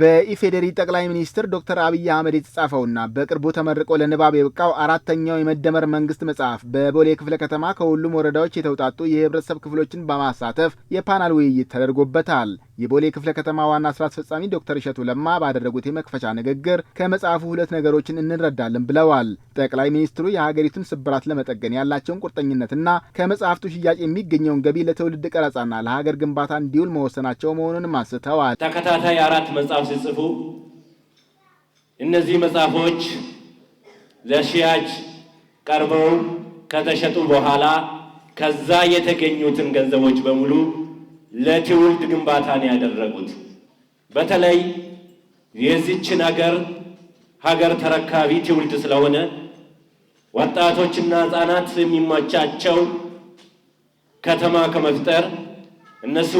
በኢፌዴሪ ጠቅላይ ሚኒስትር ዶክተር አብይ አህመድ የተጻፈውና በቅርቡ ተመርቆ ለንባብ የበቃው አራተኛው የመደመር መንግስት መጽሐፍ በቦሌ ክፍለ ከተማ ከሁሉም ወረዳዎች የተውጣጡ የህብረተሰብ ክፍሎችን በማሳተፍ የፓናል ውይይት ተደርጎበታል። የቦሌ ክፍለ ከተማ ዋና ስራ አስፈጻሚ ዶክተር እሸቱ ለማ ባደረጉት የመክፈቻ ንግግር ከመጽሐፉ ሁለት ነገሮችን እንረዳለን ብለዋል። ጠቅላይ ሚኒስትሩ የሀገሪቱን ስብራት ለመጠገን ያላቸውን ቁርጠኝነትና ከመጽሐፍቱ ሽያጭ የሚገኘውን ገቢ ለትውልድ ቀረጻና ለሀገር ግንባታ እንዲውል መወሰናቸው መሆኑንም አንስተዋል። ተከታታይ አራት መጽሐፍ መጽሐፍ ሲጽፉ እነዚህ መጽሐፎች ለሽያጭ ቀርበው ከተሸጡ በኋላ ከዛ የተገኙትን ገንዘቦች በሙሉ ለትውልድ ግንባታን ያደረጉት በተለይ የዚችን አገር ሀገር ተረካቢ ትውልድ ስለሆነ ወጣቶችና ሕፃናት የሚሟቻቸው ከተማ ከመፍጠር እነሱ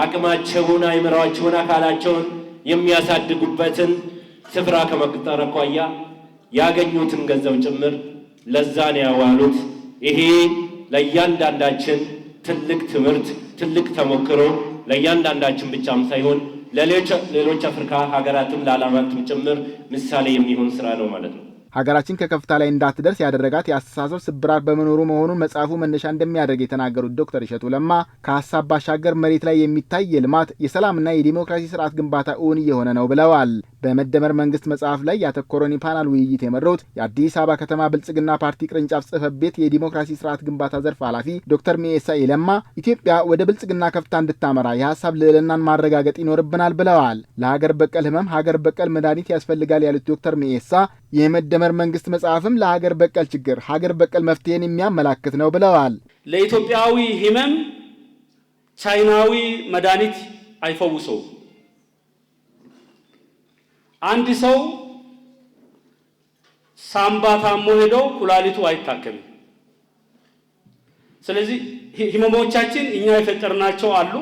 አቅማቸውን፣ አይምሯቸውን፣ አካላቸውን የሚያሳድጉበትን ስፍራ ከመቅጠር አኳያ ያገኙትን ገንዘብ ጭምር ለዛን ያዋሉት። ይሄ ለእያንዳንዳችን ትልቅ ትምህርት፣ ትልቅ ተሞክሮ ለእያንዳንዳችን ብቻም ሳይሆን ለሌሎች አፍሪካ ሀገራትም ለዓለማትም ጭምር ምሳሌ የሚሆን ስራ ነው ማለት ነው። ሀገራችን ከከፍታ ላይ እንዳትደርስ ያደረጋት የአስተሳሰብ ስብራት በመኖሩ መሆኑን መጽሐፉ መነሻ እንደሚያደርግ የተናገሩት ዶክተር እሸቱ ለማ ከሀሳብ ባሻገር መሬት ላይ የሚታይ የልማት የሰላምና የዲሞክራሲ ስርዓት ግንባታ እውን እየሆነ ነው ብለዋል። በመደመር መንግስት መጽሐፍ ላይ ያተኮረን የፓናል ውይይት የመራሁት የአዲስ አበባ ከተማ ብልጽግና ፓርቲ ቅርንጫፍ ጽህፈት ቤት የዲሞክራሲ ስርዓት ግንባታ ዘርፍ ኃላፊ ዶክተር ሚኤሳ ኢለማ ኢትዮጵያ ወደ ብልጽግና ከፍታ እንድታመራ የሀሳብ ልዕልናን ማረጋገጥ ይኖርብናል ብለዋል። ለሀገር በቀል ህመም ሀገር በቀል መድኃኒት ያስፈልጋል ያሉት ዶክተር ሚኤሳ የመደመር መንግስት መጽሐፍም ለሀገር በቀል ችግር ሀገር በቀል መፍትሄን የሚያመላክት ነው ብለዋል። ለኢትዮጵያዊ ህመም ቻይናዊ መድኃኒት አይፈውሰውም። አንድ ሰው ሳምባ ታሞ ሄዶ ኩላሊቱ አይታከምም። ስለዚህ ህመሞቻችን እኛ የፈጠርናቸው አሉ፣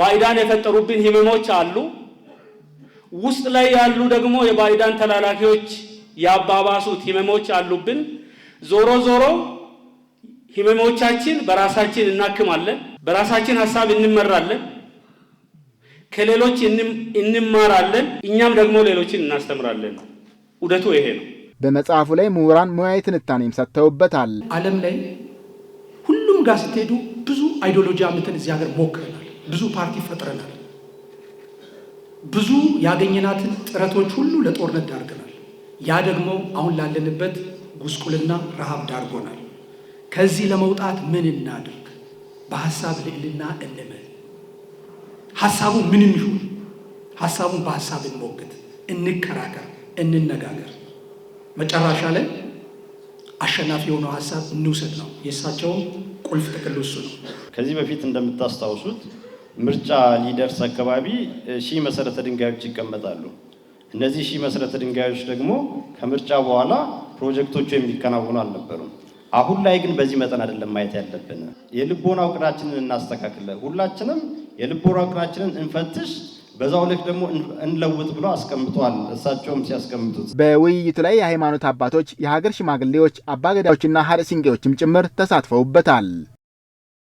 ባይዳን የፈጠሩብን ህመሞች አሉ። ውስጥ ላይ ያሉ ደግሞ የባይዳን ተላላፊዎች ያባባሱት ህመሞች አሉብን። ዞሮ ዞሮ ህመሞቻችን በራሳችን እናክማለን፣ በራሳችን ሀሳብ እንመራለን። ከሌሎች እንማራለን፣ እኛም ደግሞ ሌሎችን እናስተምራለን። ውደቱ ይሄ ነው። በመጽሐፉ ላይ ምሁራን ሙያዊ ትንታኔም ሰጥተውበታል። ዓለም ላይ ሁሉም ጋር ስትሄዱ ብዙ አይዲዮሎጂ አምትን እዚህ ሀገር ሞክረናል። ብዙ ፓርቲ ፈጥረናል። ብዙ ያገኘናትን ጥረቶች ሁሉ ለጦርነት ዳርገናል። ያ ደግሞ አሁን ላለንበት ጉስቁልና፣ ረሃብ ዳርጎናል። ከዚህ ለመውጣት ምን እናድርግ? በሀሳብ ልዕልና እንመል ሀሳቡ ምንም ይሁን ሀሳቡን በሀሳብ እንሞግት፣ እንከራከር፣ እንነጋገር። መጨረሻ ላይ አሸናፊ የሆነው ሀሳብ እንውሰድ ነው። የእሳቸውም ቁልፍ ጥቅል እሱ ነው። ከዚህ በፊት እንደምታስታውሱት ምርጫ ሊደርስ አካባቢ ሺህ መሰረተ ድንጋዮች ይቀመጣሉ። እነዚህ ሺህ መሰረተ ድንጋዮች ደግሞ ከምርጫ በኋላ ፕሮጀክቶቹ የሚከናወኑ አልነበሩም። አሁን ላይ ግን በዚህ መጠን አይደለም ማየት ያለብን። የልቦና ውቅዳችንን እናስተካክለ ሁላችንም የልቦና ዕቅዳችንን እንፈትሽ በዛው ልክ ደግሞ እንለውጥ ብሎ አስቀምጧል። እሳቸውም ሲያስቀምጡት በውይይቱ ላይ የሃይማኖት አባቶች፣ የሀገር ሽማግሌዎች፣ አባገዳዎችና ሀረሲንቄዎችም ጭምር ተሳትፈውበታል።